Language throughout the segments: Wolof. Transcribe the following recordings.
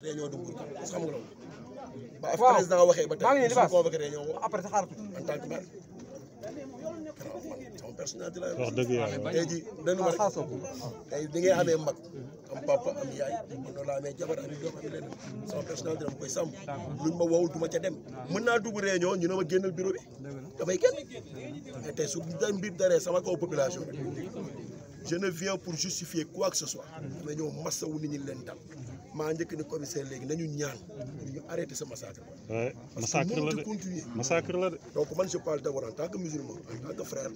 réunion de Mbour parce que xam waxee ba tey su convoqué réunion après sa xaar en tant que maire. sama personnalité la wax dëgg yàlla tey jii benn ma wowul du mën naa dugg réunion ñu ne su da mbir daree sama kaw population je pour justifier quoi que ce ñëw massawu nit ñi leen dal maa njëkk ni commissaire léegi nañu ñaan. ñu arrêté ce massacre. massacre la de massacre la donc man je parle d'abord en tant que musulman en tant que frère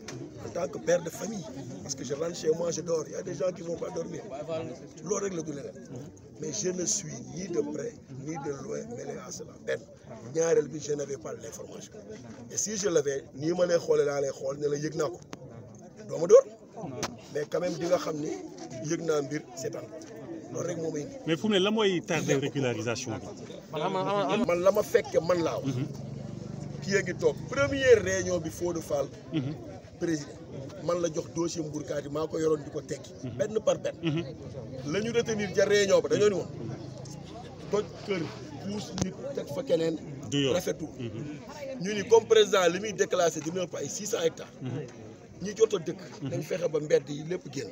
en tant que père de famille. parce que je rentre chez moi je dors il y a des gens qui vont pas dormir C'est rek la du mais je ne suis ni de près ni de loin mêlé à cela je n'avais pas l'information et si je l'avais ni ma lay ni laa lay je ne la yëg mais quand même di nga xam ni yëg naa mbir loolu rek moo may indi. mais fu mu ne la mooy tardé régularisation bi. man la ma fekk man laa wax. Mhm. kii a ngi toog première réunion bi Fodou Fall. Mhm. président man la jox dossier mburkaat yi maa ko yoroon di ko tekki. Mhm. benn par benn. la ñu retenir ja réunion ba dañoo ni moom. toj kër puus nit teg fa keneen. du yoon rafetul. ñu ni comme président li muy déclassé dina ëpp ay six cent hectares. ñi jot a dëkk dañ fexe ba mbedd yi lépp génn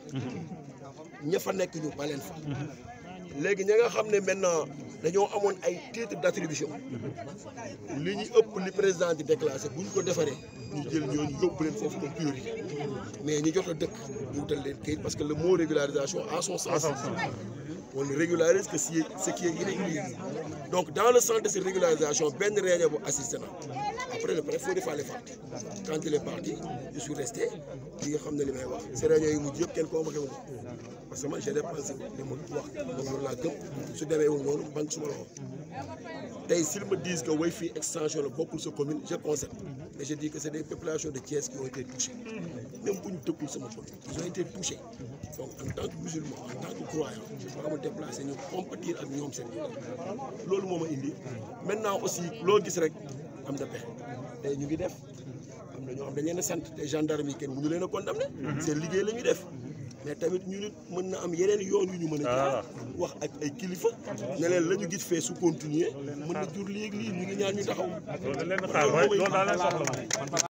ña fa nekk ñu baleen fa léegi ñi nga xam ne maintenant dañoo amoon ay titre d' attribution li ñu ëpp li président di déclassé bu ñu ko defaree ñu jël ñooñu yóbbu leen foofu comme priorité mais ñi jot a dëkk ñu wutal leen kayit parce que le mot régularisation a son sens on régularise que ce qui est irrégulier. Donc, dans le sens de cette régularisation, Ben Réunion assistant. Après, le préfet, il les partir. Quand il est parti, je suis resté. Je sais les mémoires. C'est Réunion, il me dit quelqu'un m'a Parce que moi, j'ai dépensé les mots de Donc, la gomme, je devais au nom, banque sur Et s'ils me disent que Wi-Fi extension, beaucoup de communes, je constate. Mais je dis que c'est des populations de Thiès qui ont été touchées. Même pour une commune, ils ont été touchés. Donc, en tant que musulman, en tant que croyant, déplacé ñu compétir ak ñoom seen loolu moo ma indi maintenant aussi loo gis rek am na pexe ñu ngi def am na ñoo xam dañ leen a sant te gendarme yi kenn mënu leen a condamné mhm. seen liggéey la ñuy def mais tamit ñu nit mën na am yeneen yoon yu ñu mën a jaar ah. wax ak ay kilifa ne leen la gis fee su continuer mën na jur léegi lii ñu ngi ñaan ñu taxaw